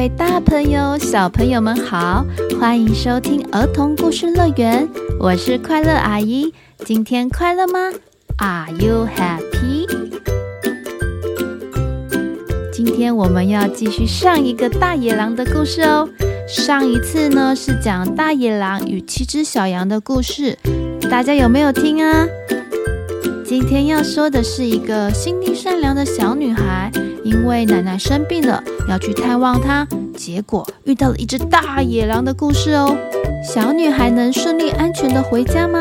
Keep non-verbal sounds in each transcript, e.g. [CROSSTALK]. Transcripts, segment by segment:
各位大朋友、小朋友們好，歡迎收聽兒童故事樂園，我是快樂阿姨。今天快樂嗎？Are you happy？今天我們要繼續上一個大野狼的故事哦。上一次呢是講大野狼與七隻小羊的故事，大家有沒有聽啊？今天要說的是一個心地善良的小女孩。因為奶奶生病了，要去探望她，結果遇到了一只大野狼的故事哦。小女孩能順利安全的回家嗎？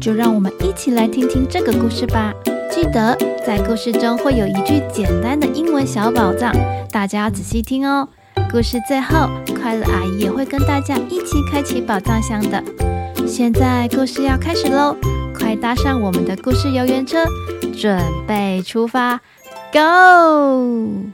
就讓我們一起來聽聽這個故事吧。記得在故事中會有一句簡單的英文小寶藏，大家要仔細聽哦。故事最後，快樂阿姨也會跟大家一起開啟寶藏箱的。現在故事要開始嘍，快搭上我們的故事遊園車，準備出發。Go！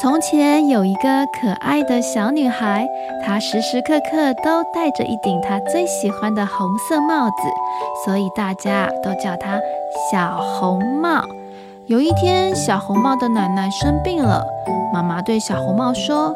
從前有一個可愛的小女孩，她時時刻刻都戴着一頂她最喜歡的紅色帽子，所以大家都叫她小紅帽。有一天，小紅帽的奶奶生病了，媽媽對小紅帽說。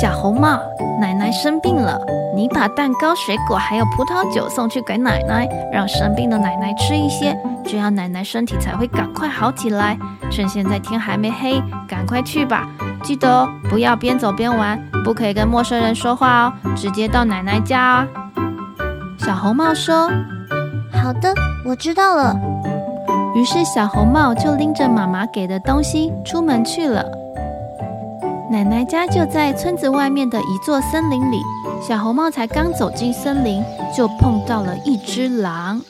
小紅帽，奶奶生病了，你把蛋糕、水果還有葡萄酒送去給奶奶，讓生病的奶奶吃一些，這樣奶奶身體才會趕快好起來。趁現在天還沒黑，趕快去吧！記得哦，不要邊走邊玩，不可以跟陌生人說話哦，直接到奶奶家哦。小紅帽說：“好的，我知道了。”於是小紅帽就拎着媽媽給的東西出門去了。奶奶家就在村子外面的一座森林裡。小紅帽才剛走進森林，就碰到了一隻狼。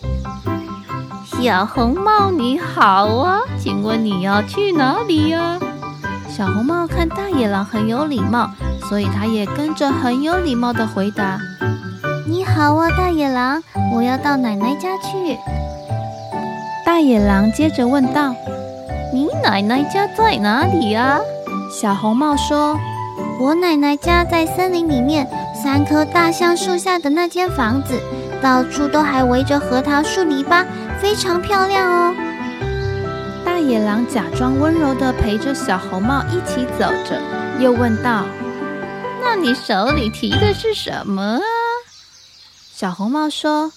小紅帽，你好啊，請問你要去哪裡呀？小紅帽看大野狼很有禮貌，所以他也跟着很有禮貌的回答：“你好啊，大野狼，我要到奶奶家去。”大野狼接着問道：“你奶奶家在哪裡啊？”小紅帽說：“我奶奶家在森林裡面，三棵大橡樹下的那間房子，到處都還圍着核桃樹籬笆，非常漂亮哦。”大野狼假裝溫柔的陪着小紅帽一起走着，又問道：“那你手裡提的是什麼啊？”小紅帽說：“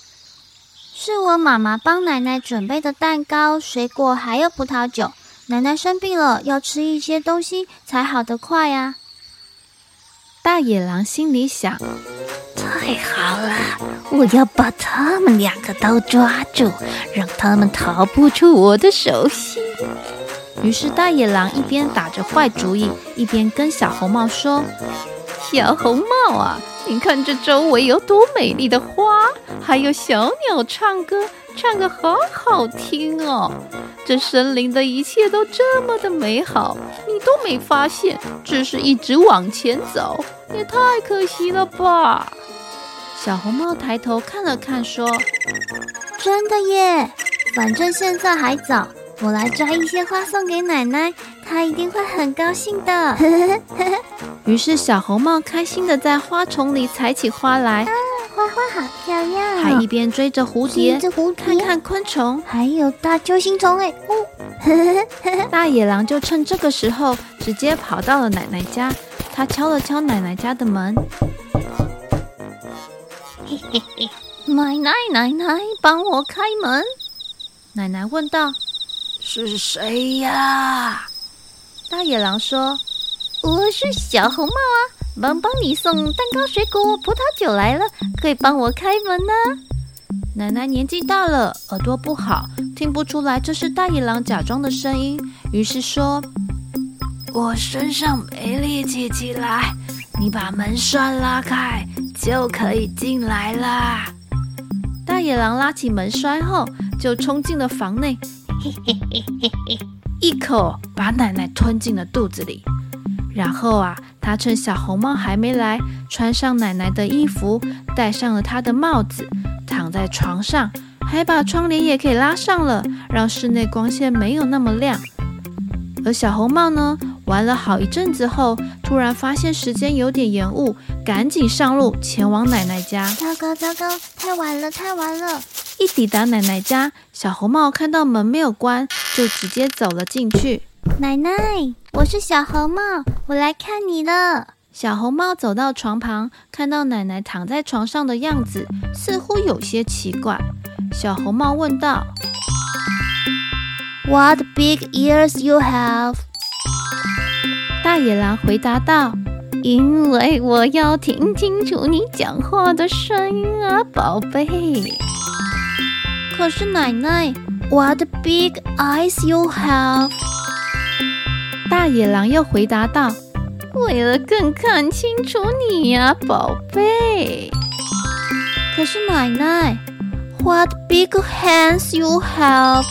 是我媽媽幫奶奶準備的蛋糕、水果，還有葡萄酒。”奶奶生病了，要吃一些東西才好得快呀，啊。大野狼心裡想：“太好了，我要把他們兩個都抓住，讓他們逃不出我的手心。”於是大野狼一邊打着壞主意，一邊跟小紅帽說：“小紅帽啊，你看這周圍有多美麗的花，還有小鳥唱歌，唱歌好好聽哦。”這森林的一切都這麼的美好，你都沒發現，只是一直往前走，也太可惜了吧！小紅帽抬頭看了看，說：“真的耶，反正現在還早，我來摘一些花送給奶奶，她一定會很高興的。 [LAUGHS] ”於是，小紅帽開心的在花叢裡採起花來。花花好漂亮，它一邊追着蝴蝶，蝴蝶看看昆蟲，還有大蚯蚓蟲，哎、哦， [LAUGHS] 大野狼就趁這個時候直接跑到了奶奶家，他敲了敲奶奶家的門，嘿嘿嘿，奶奶奶奶幫我開門。奶奶問道：“是誰呀？”大野狼說：“我是小紅帽啊。”幫幫你送蛋糕、水果、葡萄酒來了，可以幫我開門呢、啊。奶奶年紀大了，耳朵不好，聽不出來這是大野狼假裝的聲音，於是說：“我身上沒力氣起來，你把門栓拉開就可以進來啦。”大野狼拉起門栓後，就衝進了房內，嘿嘿嘿嘿嘿，一口把奶奶吞進了肚子裡。然後啊，他趁小紅帽還沒來，穿上奶奶的衣服，戴上了她的帽子，躺在床上，還把窗簾也給拉上了，讓室內光線沒有那麼亮。而小紅帽呢，玩了好一陣子後，突然發現時間有點延誤，趕緊上路前往奶奶家。糟糕糟糕，太晚了，太晚了！一抵達奶奶家，小紅帽看到門沒有關，就直接走了進去。奶奶，我是小紅帽，我來看你了。小紅帽走到床旁，看到奶奶躺在床上的樣子，似乎有些奇怪。小紅帽問道：“What big ears you have？” 大野狼回答道：“因為我要聽清楚你講話的聲音啊，寶貝。”可是奶奶，What big eyes you have？大野狼又回答道：“為了更看清楚你呀、啊，寶貝。”可是奶奶，What big hands you have？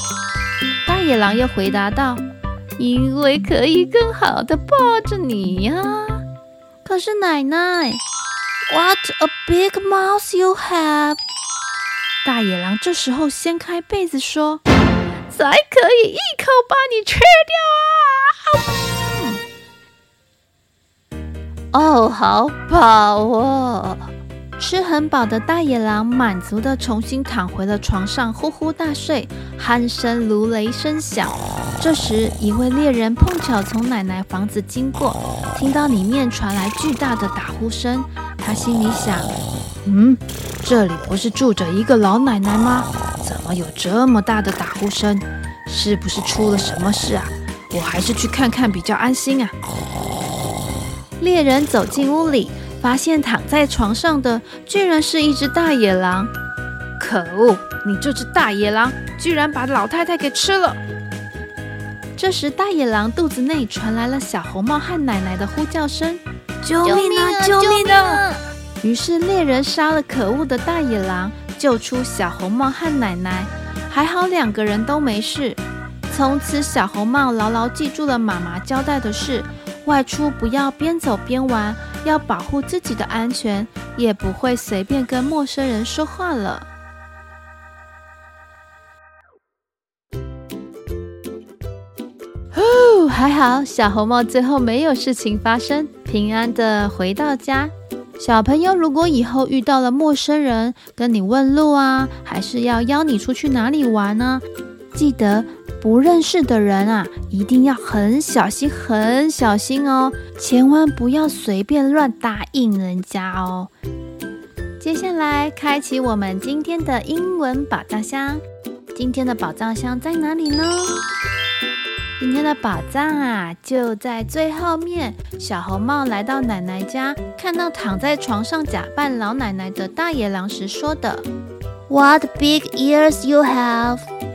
大野狼又回答道：“因為可以更好的抱着你呀、啊。”可是奶奶，What a big mouth you have？大野狼這時候掀開被子說：“才可以一口把你吃掉啊！”哦，好飽哦！吃很飽的大野狼滿足地重新躺回了床上，呼呼大睡，鼾聲如雷聲響。這時，一位獵人碰巧從奶奶房子經過，聽到裡面傳來巨大的打呼聲，他心裡想：嗯，這裡不是住着一個老奶奶嗎？怎麼有這麼大的打呼聲？是不是出了什麼事啊？我還是去看看比較安心啊。獵人走進屋裡，發現躺在床上的居然是一隻大野狼。可惡！你這隻大野狼居然把老太太給吃了。這時，大野狼肚子內傳來了小紅帽和奶奶的呼叫聲：“救命啊！救命啊！”於是，獵人殺了可惡的大野狼，救出小紅帽和奶奶。還好兩個人都沒事。從此，小紅帽牢牢記住了媽媽交代的事。外出不要邊走邊玩，要保護自己的安全，也不會隨便跟陌生人說話了。呼，還好小紅帽最後沒有事情發生，平安的回到家。小朋友，如果以後遇到了陌生人跟你問路啊，還是要邀你出去哪裡玩呢啊？記得。不認識的人啊，一定要很小心，很小心哦，千萬不要隨便亂答應人家哦。接下來，開啟我們今天的英文寶藏箱。今天的寶藏箱在哪裡呢？今天的寶藏啊，就在最後面。小紅帽來到奶奶家，看到躺在床上假扮老奶奶的大野狼時說的：“What big ears you have！”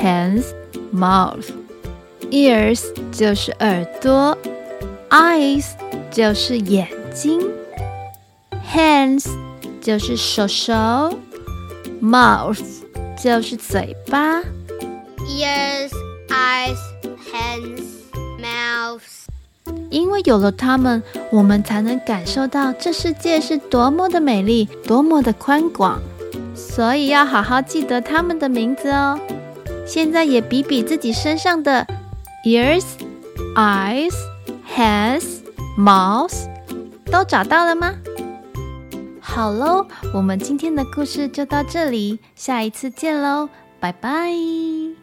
Hands, mouth, ears 就是耳朵，eyes 就是眼睛，hands 就是手手，mouth 就是嘴巴。Ears, eyes, hands, mouth。因為有了它們，我們才能感受到這世界是多麼的美麗，多麼的寬廣。所以要好好記得他們的名字哦。現在也比比自己身上的 ears、eyes、hands、mouth，都找到了嗎？好嘍，我們今天的故事就到這裡，下一次見嘍，拜拜。